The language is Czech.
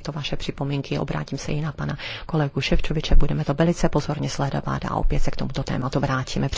tyto vaše připomínky. Obrátím se i na pana kolegu Ševčoviče. Budeme to velice pozorně sledovat a opět se k tomuto tématu vrátíme příště.